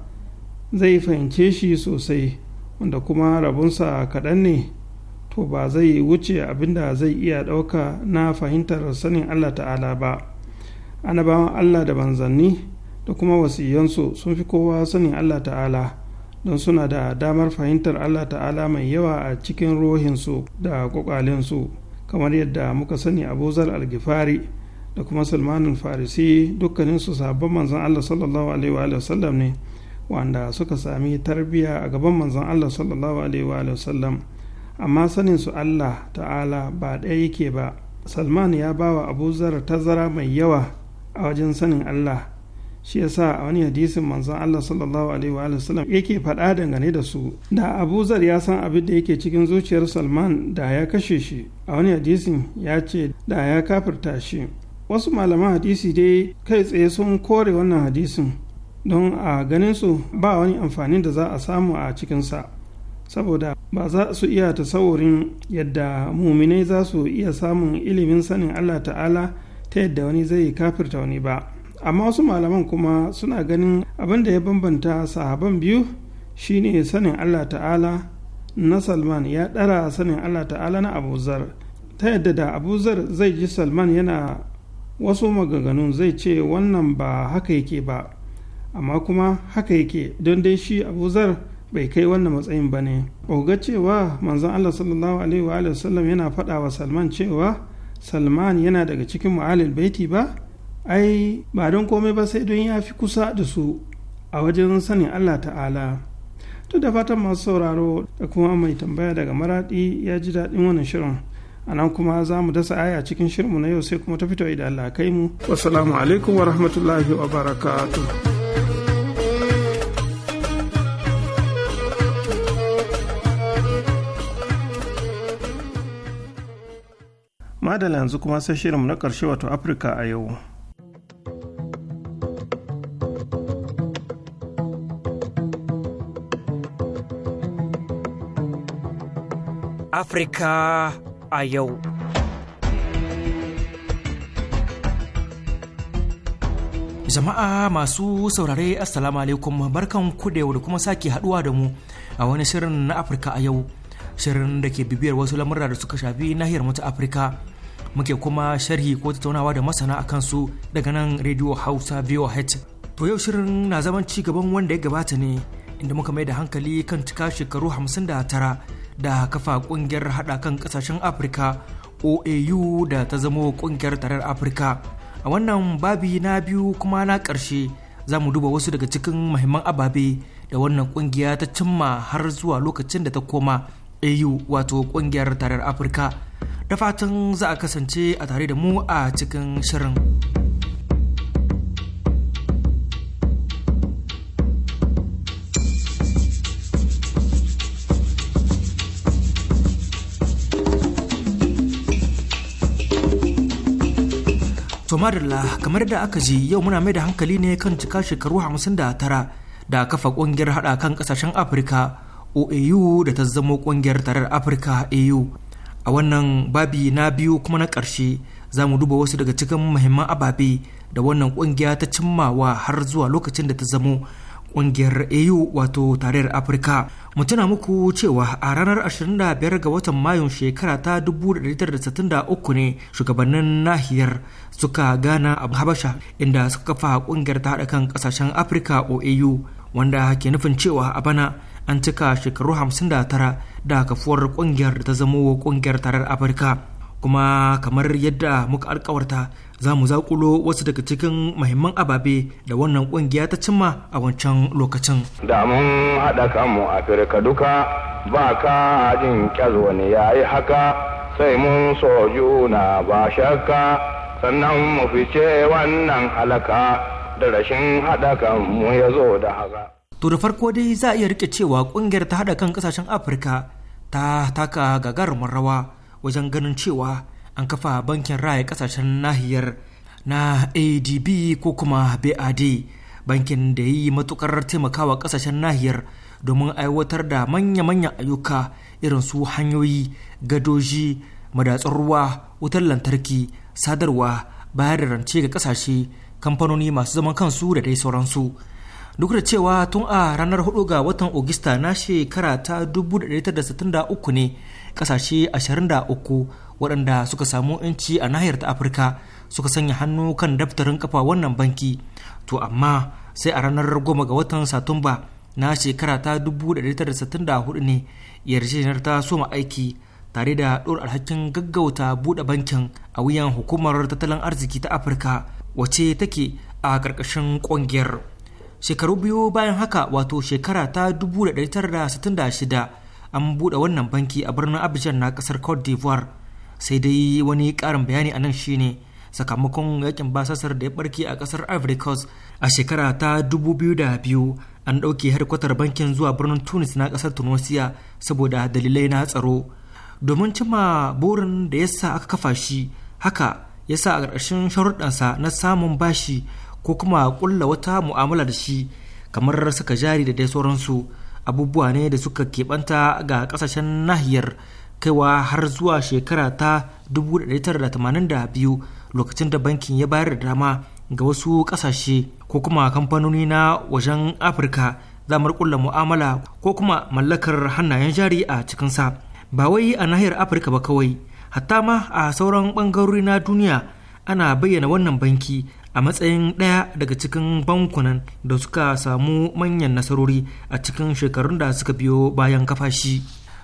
zai fahimce shi sosai wanda kuma rabunsa kaɗan ne to ba zai wuce abinda zai iya ɗauka na fahimtar sanin allah ta'ala ba annabawan allah da manzanni da kuma wasiyansu sun fi kowa sanin allah ta'ala don suna da damar fahimtar allah ta'ala mai yawa a cikin rohinsu da kwakwalensu kamar yadda muka sani abuzar algifari da kuma salmanin farisi dukkaninsu sabon manzon allah sallallahu alaihi wa sallam ne wanda suka sami tarbiyya a gaban manzon allah sallallahu alaihi wa sallam amma sanin su allah ta'ala ba ɗaya yake ba salman ya bawa wa abuzar tazara mai yawa a wajen sanin allah shi yasa a wani hadisin manzon Allah sallallahu alaihi wa sallam yake faɗa dangane da su da Abu Zar ya san abin da yake cikin zuciyar Salman da ya kashe shi a wani hadisin ya ce da ya kafirta shi wasu malaman hadisi dai kai tsaye sun kore wannan hadisin don a ganin su ba wani amfani da za a samu a cikin sa saboda ba za su iya tasawurin yadda muminai za su iya samun ilimin sanin Allah ta'ala ta yadda wani zai kafirta wani ba amma wasu malaman kuma suna ganin abin da ya bambanta sahaban biyu shine sanin allah ta'ala na salman ya ɗara sanin allah ta'ala na abuzar ta yadda da abuzar zai ji salman yana wasu maganganu zai ce wannan ba haka yake ba amma kuma haka yake don dai shi abuzar bai kai wannan matsayin ba ne ƙoga cewa manzon allah sallallahu alaihi wa sallam yana faɗa wa salman cewa salman yana daga cikin ma'alil baiti ba ai ba don komai ba sai don ya fi kusa da su a wajen sanin allah ta'ala to da fatan masu sauraro da kuma mai tambaya daga maradi ya ji daɗin wannan shirin a nan kuma za mu dasa aya cikin shirinmu na yau sai kuma ta fito da allah kai mu wasalamu alaikum wa rahmatullahi wa barakatuh madala yanzu kuma sai shirinmu na ƙarshe wato afirka a yau Afirka a yau. Jama'a masu saurare Assalamu alaikum barkan ku da da kuma sake haduwa da mu a wani shirin na Afirka a yau. Shirin da ke bibiyar wasu lamurra da suka shafi nahiyar mu ta Afirka. Muke kuma sharhi ko tattaunawa da masana a kansu daga nan Radio Hausa VOH. To yau shirin na zaman ci gaban wanda ya gabata ne inda muka mai da hankali kan cika shekaru hamsin da tara. da kafa kungiyar haɗa kan ƙasashen afirka oau da ta zamo kungiyar tarar afirka a wannan babi na biyu kuma na ƙarshe za mu duba wasu daga cikin mahimman ababe da wannan kungiya ta cimma har zuwa lokacin da ta koma au wato kungiyar tarar afirka da fatan za a kasance a tare da mu a cikin shirin. To kamar da aka ji yau muna mai da hankali ne kan cika shekaru 59 da kafa kungiyar hada kan kasashen Afirka OAU da ta zamo kungiyar tarar Afirka AU. A wannan babi na biyu kuma na karshe za mu duba wasu daga cikin muhimman ababe da wannan kungiya ta cimmawa har zuwa lokacin da ta zamo kungiyar AU wato tarayyar Afirka. Mu tuna muku cewa a ranar 25 ga watan Mayun shekara ta 1963 ne shugabannin nahiyar suka gana a Habasha inda suka kafa kungiyar ta haɗa kan ƙasashen Afirka OAU wanda ke nufin cewa a bana an cika shekaru 59 da kafuwar kungiyar ta zamo kungiyar tarar Afirka. kuma kamar yadda muka alkawarta za mu zakulo wasu daga cikin mahimman ababe da wannan ƙungiya ta cimma a wancan lokacin. Da mun haɗa kanmu Afirka duka ba ka jin wani ya yi haka sai mun so juna ba shakka sannan mu fice wannan halaka da rashin haɗa kanmu ya zo da haka. To da farko dai za a iya rike cewa ƙungiyar ta haɗa kan ƙasashen Afirka ta taka gagarumin rawa wajen ganin cewa an kafa bankin raya kasashen nahiyar na adb ko kuma bad bankin da ya yi matukar taimakawa kasashen nahiyar domin aiwatar da manya-manyan ayyuka irin su hanyoyi gadoji madatsar ruwa wutar lantarki sadarwa bayar da rance ga kasashe kamfanoni masu zaman kansu da dai sauransu duk da cewa tun a ranar 4 ga watan ogista na shekara ta 1963 ne kasashe 23 waɗanda suka samu inci a nahiyar ta afirka suka sanya hannu kan daftarin kafa wannan banki to amma sai a ranar goma ga watan satumba na shekara ta 1964 ne yarjejeniyar ta soma aiki tare da ɗora alhakin gaggauta buɗe bankin a wuyan hukumar tattalin arziki ta afirka wace take a ƙarƙashin ƙungiyar shekaru biyu bayan haka wato shekara ta 1966 an buɗe wannan banki a birnin abidjan na ƙasar cote d'ivoire sai dai wani ƙarin bayani a nan shine sakamakon yakin basasar da ya barke a ƙasar ivory coast a shekara ta 2002 an ɗauke harkwatar bankin zuwa birnin tunis na ƙasar tunisia saboda dalilai na tsaro domin cimma burin da ya sa aka kafa shi haka ya sa a ƙarshen sharuɗansa na samun bashi ko kuma ƙulla wata mu'amala da shi kamar saka jari da dai sauransu abubuwa ne da suka keɓanta ga ƙasashen nahiyar kaiwa har zuwa shekara ta 1982 lokacin da bankin ya bayar da dama ga wasu kasashe ko kuma kamfanoni na wajen afirka zamar kulla mu'amala ko kuma mallakar hannayen jari a cikinsa ba wai a nahiyar afirka ba kawai hatta ma a sauran bangarori na duniya ana bayyana wannan banki a matsayin ɗaya daga cikin bankunan da suka samu manyan nasarori a cikin shekarun da suka biyo bayan kafashi.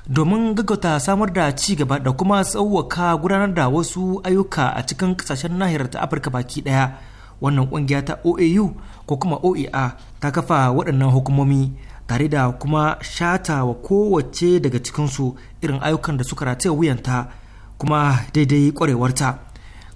domin gaggauta samar da ci gaba da kuma tsawaka gudanar da wasu ayyuka a cikin kasashen nahiyar ta afirka baki daya wannan kungiya ta oau ko kuma oea ta kafa waɗannan hukumomi tare da kuma shata wa kowace daga cikinsu irin ayyukan da suka rataya wuyanta kuma daidai kwarewarta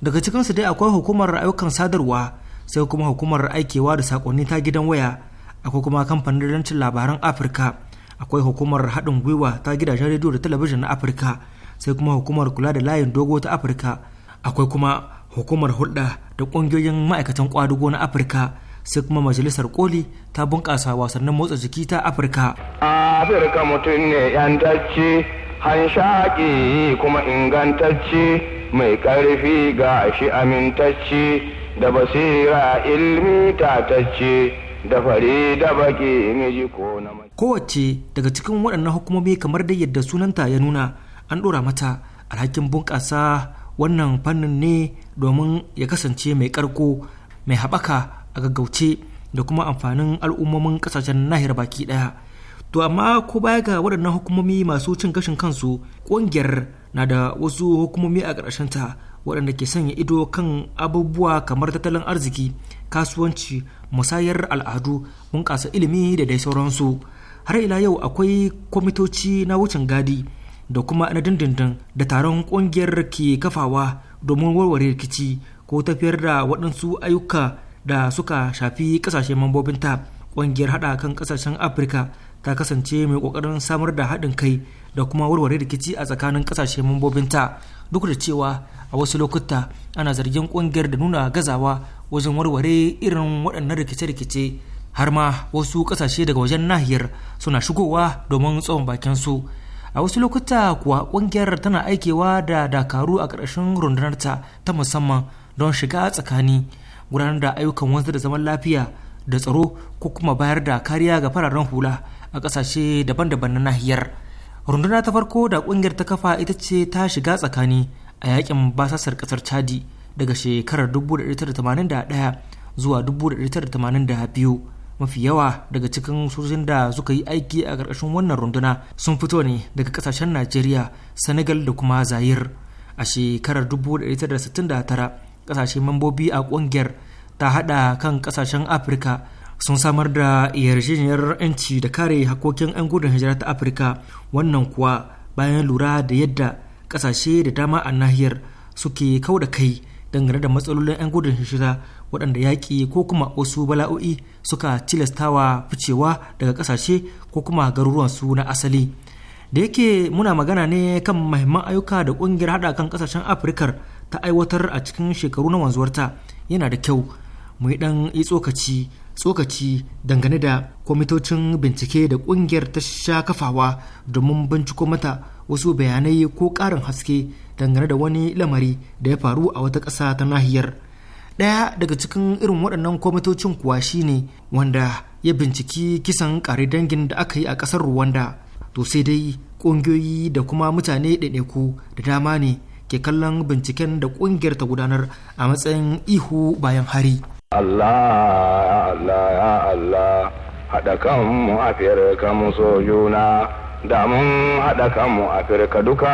daga cikinsu dai akwai hukumar ayyukan sadarwa sai kuma hukumar aikewa da sakonni ta gidan waya akwai kuma kamfanin labaran afirka akwai hukumar haɗin gwiwa ta gidajen rediyo da talabijin na afirka sai kuma hukumar kula da layin dogo ta afirka akwai kuma hukumar hulɗa da ƙungiyoyin ma'aikatan ƙwadugo na afirka sai kuma majalisar koli ta bunƙasa wasannin motsa jiki ta afirka afirka mutum ne yantacce hanshaƙi kuma ingantacce mai ƙarfi ga shi amintacce da basira ilmi tatacce da da baki in ko na kowace daga cikin waɗannan hukumomi kamar da yadda sunanta ya nuna an ɗora mata alhakin bunƙasa wannan fannin ne domin ya kasance mai ƙarko mai haɓaka a gaggauce da kuma amfanin al'ummomin ƙasashen nahiyar baki ɗaya to amma ko baya ga waɗannan hukumomi masu cin gashin kansu ƙungiyar na da wasu hukumomi a ƙarshenta waɗanda ke sanya ido kan abubuwa kamar tattalin arziki kasuwanci musayar al'adu bunƙasa ilimi da dai sauransu har ila yau akwai kwamitoci na wucin gadi da kuma na dindindin da taron ƙungiyar ke kafawa domin warware rikici ko tafiyar da waɗansu ayyuka da suka shafi ƙasashe mambobinta ƙungiyar haɗa kan ƙasashen afirka ta kasance mai ƙoƙarin samar da haɗin kai da kuma warware rikici a tsakanin ƙasashe mambobinta duk da cewa a wasu lokuta ana zargin kungiyar da nuna gazawa wajen warware irin waɗannan rikice-rikice har ma wasu ƙasashe daga wajen nahiyar suna shigowa domin tsawon bakin su a wasu lokuta kuwa ƙungiyar tana aikewa da dakaru a ƙarshen rundunar ta ta musamman don shiga tsakani gudanar da ayyukan wanzar da zaman lafiya da tsaro ko kuma bayar da kariya ga fararen hula a ƙasashe daban-daban na nahiyar runduna ta farko da ƙungiyar ta kafa ita ce ta shiga tsakani a yakin basasar kasar chadi daga shekarar 1981 zuwa 1982 mafi yawa daga cikin sojojin da suka yi aiki a ƙarƙashin wannan runduna sun fito ne daga ƙasashen najeriya senegal da kuma zayir a shekarar 1969 ƙasashe mambobi a ƙungiyar ta haɗa kan ƙasashen afirka sun samar da yarjejeniyar 'yanci da kare hakokin 'yan gudun hijira ta afirka wannan kuwa bayan lura da yadda kasashe da dama a nahiyar suke kau da kai dangane da matsalolin 'yan gudun hijira waɗanda yaƙi ko kuma wasu bala'o'i suka tilastawa ficewa daga kasashe ko kuma garuruwansu na asali da yake muna magana ne kan mahimman ayyuka da ƙungiyar haɗa kan ƙasashen afirka ta aiwatar a cikin shekaru na wanzuwarta yana da kyau mu yi ɗan yi tsokaci tsokaci dangane da kwamitocin bincike da ƙungiyar ta sha kafawa domin binciko mata wasu bayanai ko ƙarin haske dangane da wani lamari da ya faru a wata ƙasa ta nahiyar ɗaya daga cikin irin waɗannan kwamitocin kuwa ne wanda ya binciki kisan ƙare dangin da aka yi a ƙasar ruwanda to sai dai ƙungiyoyi da kuma mutane ɗaiɗaiku da dama ne ke kallon binciken da ƙungiyar ta gudanar a matsayin ihu bayan hari Allah Allah Allah haɗa kan mu kan mu so juna da mun haɗa kanmu afirka duka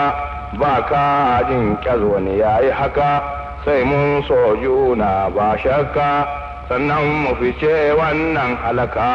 ba ka jin wani ya yi haka sai mun so juna ba shakka sannan mu fice wannan halaka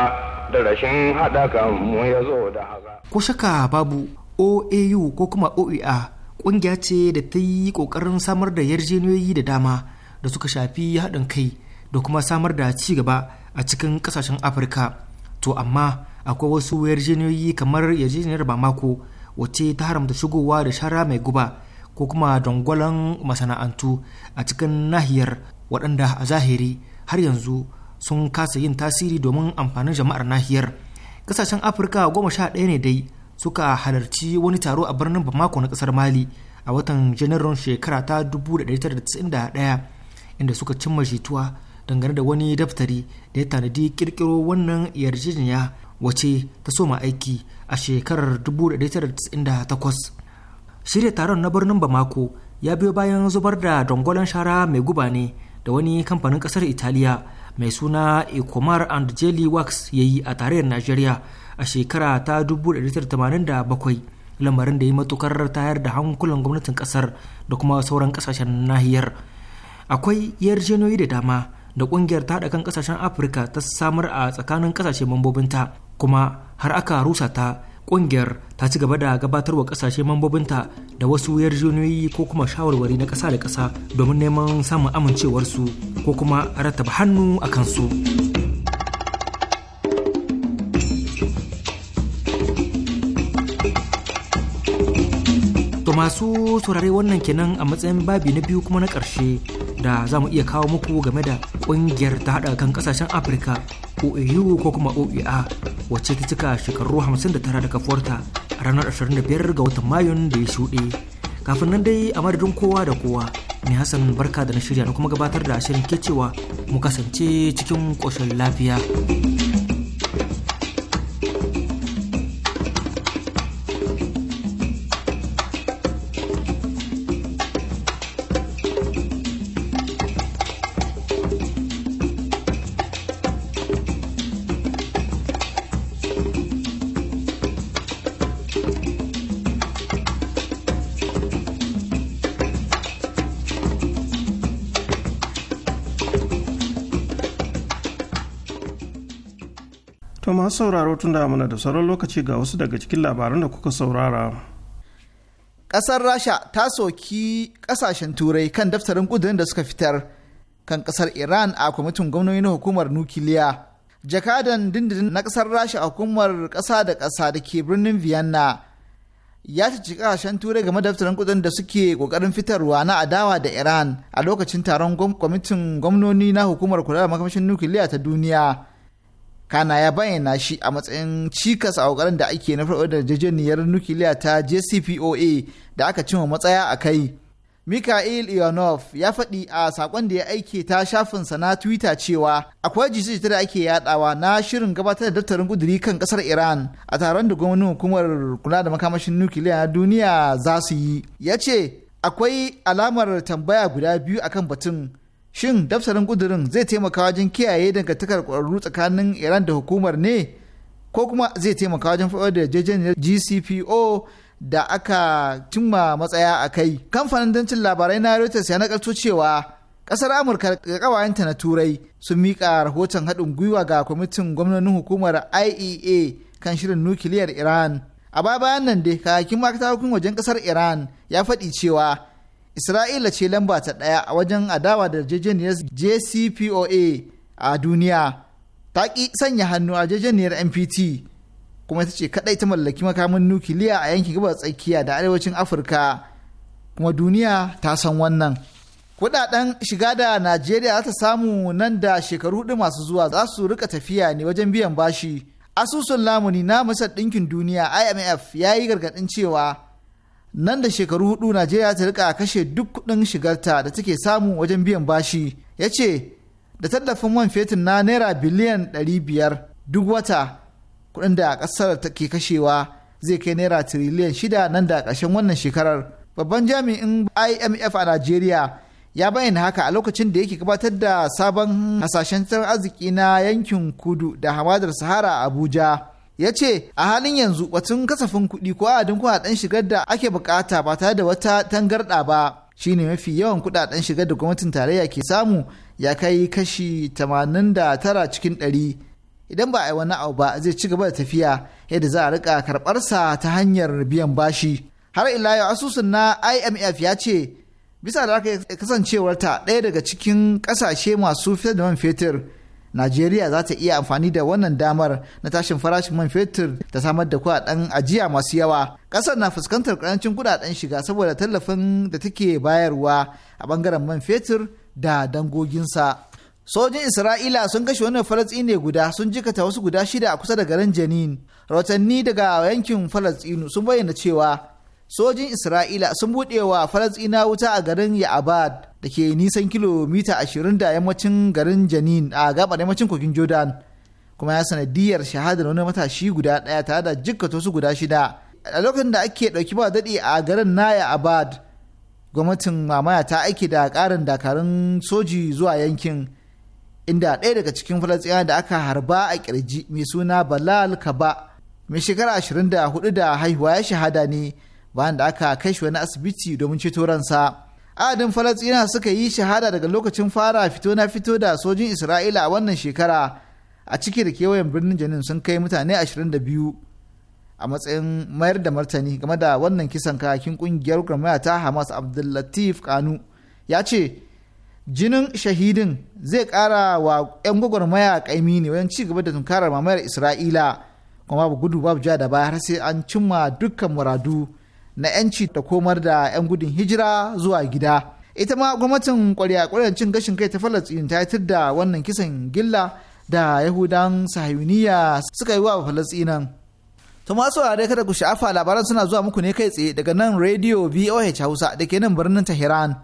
da rashin haɗa kanmu ya zo da haka. Ko shaka babu OAU ko kuma OEA ƙungiya ce da ta yi ƙoƙarin samar da yarjejeniyoyi da dama da suka shafi haɗin kai da kuma samar da ci gaba a cikin ƙasashen Afirka. To amma akwai wasu yarjejeniyoyi kamar yarjejeniyar bamako wacce ta haramta shigowa da shara mai guba ko kuma dangwalon masana'antu a cikin nahiyar waɗanda a zahiri har yanzu sun kasa yin tasiri domin amfanin jama'ar nahiyar ƙasashen afirka goma sha ɗaya ne dai suka halarci wani taro a birnin bamako na ƙasar mali a watan janairun shekara ta 1991 inda suka cimma jituwa dangane da wani daftari da ya tanadi kirkiro wannan yarjejeniya wace ta soma aiki a shekarar 1998 shirya taron na birnin bamako ya biyo bayan zubar da dongolan shara mai guba ne da wani kamfanin kasar italiya mai suna ecomar and jelly wax ya yi a tarayyar najeriya a shekara ta 1987 lamarin da ya matukar tayar da hankulan gwamnatin kasar da kuma sauran kasashen nahiyar akwai yarjejeniyoyi da dama da kungiyar ta kan kasashen afirka ta samar a tsakanin kasashe mambobinta kuma har aka rusa ta kungiyar ta ci gaba da gabatarwa kasashe mambobinta da wasu yarjejeniyoyi ko kuma shawarwari na ƙasa da ƙasa domin neman samun amincewarsu ko kuma rattaba hannu a kansu. To masu saurare wannan kenan a matsayin babi na biyu kuma na ƙarshe da za mu iya kawo muku game da ƙungiyar ta haɗa kan ƙasashen Afirka OAU ko kuma OEA wacce ta cika shekaru 59 da kafuwarta a ranar 25 ga watan Mayun da ya shuɗe. Kafin nan dai a madadin kowa da kowa ne Hassan barka da na shirya na kuma gabatar da shirin ke cewa mu kasance cikin ƙoshin lafiya. sauraro tun da mana da sauran lokaci ga wasu daga cikin labaran da kuka saurara. Ƙasar Rasha ta soki ƙasashen Turai kan daftarin ƙudurin da suka fitar kan ƙasar Iran a kwamitin gwamnoni na hukumar nukiliya. Jakadan dindindin na ƙasar Rasha a hukumar ƙasa da kasa da ke birnin Vienna ya ci ƙasashen Turai game daftarin ƙudurin da suke ƙoƙarin fitarwa na adawa da Iran a lokacin taron kwamitin gwamnoni na hukumar kula da makamashin nukiliya ta duniya. kana ya bayyana shi a matsayin cikas a ƙoƙarin da ake na farko da yarjejeniyar nukiliya ta jcpoa da aka cimma matsaya a kai mikhail ivanov ya faɗi a saƙon da ya aike ta shafinsa na twitter cewa akwai jita da ake yadawa na shirin gabatar da daftarin kuduri kan ƙasar iran a taron da gwamnatin hukumar kula da makamashin nukiliya na duniya za su yi ya ce akwai alamar tambaya guda biyu akan batun shin dafsarin ƙudurin zai taimaka wajen kiyaye dangantakar ƙwararru tsakanin iran da hukumar ne ko kuma zai taimaka wajen faɗo da yarjejeniyar gcpo da aka cimma matsaya a kai kamfanin dancin labarai na reuters ya nakalto cewa ƙasar amurka da ƙawayenta na turai sun miƙa rahoton haɗin gwiwa ga kwamitin gwamnonin hukumar iea kan shirin nukiliyar iran a baya bayan nan dai kakin ma'aikatar hukumar wajen ƙasar iran ya faɗi cewa Isra'ila ce lamba ta ɗaya a wajen adawa da jejeniyar JCPOA a duniya ta ƙi sanya hannu a jejeniyar NPT kuma ita ce kaɗai ta mallaki makamin nukiliya a yankin gabas tsakiya da arewacin Afirka kuma duniya ta san wannan. Kuɗaɗen shiga da Najeriya za ta samu nan da shekaru hudu masu zuwa za su rika tafiya ne wajen biyan bashi. Asusun lamuni na Masar Ɗinkin Duniya IMF ya yi gargaɗin cewa nan da shekaru hudu najeriya ta rika kashe duk kudin shigarta da take samu wajen biyan bashi ya ce da tallafin man fetur na naira biliyan 500 duk wata kudin da kasar take kashewa zai kai naira tiriliyan shida nan da ƙarshen wannan shekarar babban jami'in imf a najeriya ya bayyana haka a lokacin da yake gabatar da sabon hasashen tattalin arziki na yankin kudu da hamadar sahara a abuja ya ce a halin yanzu batun kasafin kuɗi ko adadin kuɗaɗen shigar da ake bukata ba tare da wata tangarɗa ba shine mafi yawan kuɗaɗen shigar da gwamnatin tarayya ke samu ya kai kashi 89 cikin 100 idan ba a yi wani abu ba zai ci gaba da tafiya yadda za a rika karɓarsa ta hanyar biyan bashi har ila yau asusun na imf ya ce bisa da aka kasancewarta ɗaya daga cikin ƙasashe masu fitar da man fetur najeriya za ta iya amfani da wannan damar na tashin farashin man fetur ta samar da kuɗaɗen ajiya masu yawa ƙasar na fuskantar ƙarancin kuɗaɗen shiga saboda tallafin da take bayarwa a ɓangaren man fetur da dangoginsa sojin isra'ila sun kashe wani ne guda sun jikata wasu guda shida a kusa da garin janin rahotanni daga yankin falastinu sun bayyana cewa sojin isra'ila sun buɗe wa falasɗina wuta a garin ya'abad da ke nisan kilomita ashirin da yammacin garin janin a gabar yammacin kogin jordan kuma ya sanadiyar shahadar wani matashi guda ɗaya tare da jikka su guda shida a lokacin da ake ɗauki ba daɗi a garin na ya'abad gwamnatin mamaya ta aiki da ƙarin dakarun soji zuwa yankin inda ɗaya daga cikin falasɗina da aka harba a kirji mai suna balal kaba mai shekara ashirin da haihuwa ya shahada ne bayan da aka kai shi wani asibiti domin ceto ransa adadin falastina suka yi shahada daga lokacin fara fito na fito da sojin isra'ila a wannan shekara a ciki da kewayen birnin janin sun kai mutane 22 a matsayin mayar da martani game da wannan kisan kakin ƙungiyar gwamnati ta hamas abdullatif kanu ya ce jinin shahidin zai kara wa 'yan gwagwarmaya kaimi ne wajen ci gaba da tunkarar mamayar isra'ila kuma babu gudu babu ja da baya har sai an cimma dukkan muradu na 'yanci da komar da 'yan gudun hijira zuwa gida ita ma gwamnatin kwarya kwaryar cin gashin kai ta falastin ta yi da wannan kisan gilla da yahudan sahiyuniya suka yi wa falastinan to masu wurare kada ku sha'afa labaran suna zuwa muku ne kai tsaye daga nan radio voh hausa da ke nan birnin tehran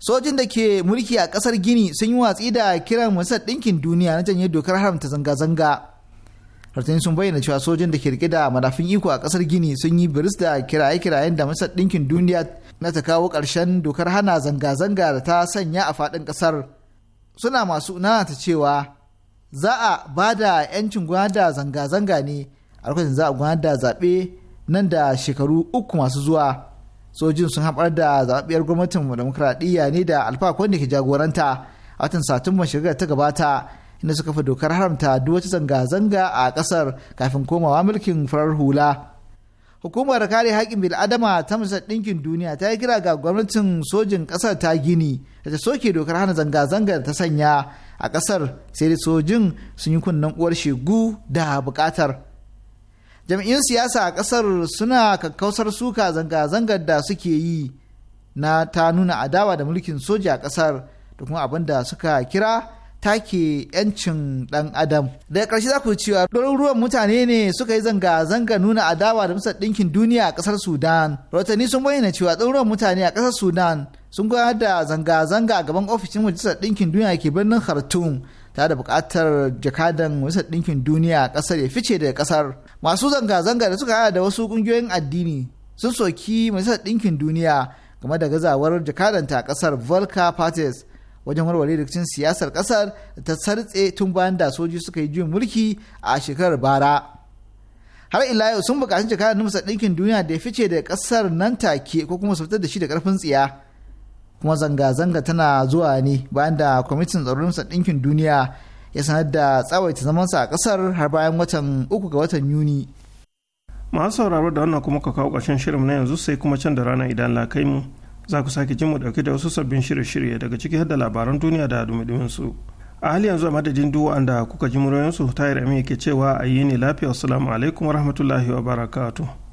sojin da ke mulki a kasar gini sun yi watsi da kiran masar ɗinkin duniya na janye dokar haramta zanga-zanga martani sun bayyana cewa sojin da ke rike da madafin iko a kasar gini sun yi biris da kiraye-kirayen da masar ɗinkin duniya na ta kawo ƙarshen dokar hana zanga-zanga da ta sanya a faɗin kasar suna masu ta cewa za a ba da 'yancin gudanar zanga-zanga ne a lokacin za a gudanar da zaɓe nan da shekaru uku masu zuwa sojin sun haɓar da zaɓiyar gwamnatin demokuraɗiyya ne da alfa da ke jagoranta a watan satumba shekarar ta gabata inda suka fi dokar haramta duk wata zanga-zanga a ƙasar kafin komawa mulkin farar hula. Hukumar kare haƙƙin bil'adama ta Majalisar Ɗinkin Duniya ta yi kira ga gwamnatin sojin ƙasar ta Gini da ta soke dokar hana zanga-zanga da ta sanya a ƙasar sai da sojin sun yi kunnen uwar shegu da buƙatar. Jam'iyyun siyasa a ƙasar suna kakkausar suka zanga-zangar da suke yi na ta nuna adawa da mulkin soja a ƙasar da kuma abin da suka kira take 'yancin dan adam daga karshe za ku cewa ruwan mutane ne suka yi zanga-zanga nuna adawa da musa ɗinkin duniya a kasar sudan rahotanni sun bayyana cewa ɗaruruwan mutane a kasar sudan sun gudanar da zanga-zanga a gaban ofishin majalisar ɗinkin duniya ke birnin khartoum tare da bukatar jakadan majalisar ɗinkin duniya a ƙasar ya fice daga kasar masu zanga-zanga da suka haɗa da wasu ƙungiyoyin addini sun soki majalisar ɗinkin duniya game da gazawar jakadanta a kasar volker partes wajen warware rikicin siyasar kasar ta sartse tun bayan da soji suka yi juyin mulki a shekarar bara har ila yau sun bukaci jakarar nimsa ɗinkin duniya da ya fice da kasar nan take ko kuma su fitar da shi da karfin tsiya kuma zanga-zanga tana zuwa ne bayan da kwamitin tsaron nimsa ɗinkin duniya ya sanar da tsawaita zamansa a kasar har bayan watan uku ga watan yuni masu sauraro da wannan kuma ka kawo ƙarshen shirin na yanzu sai kuma can da rana idan la kai mu za ku sake jin mu dauke da wasu sabbin shirye-shirye daga ciki har da labaran duniya da dumi su a hali yanzu a madadin duk wanda kuka ji muryoyinsu tayar amin ke cewa a yi ne lafiya assalamu alaikum wa barakatu.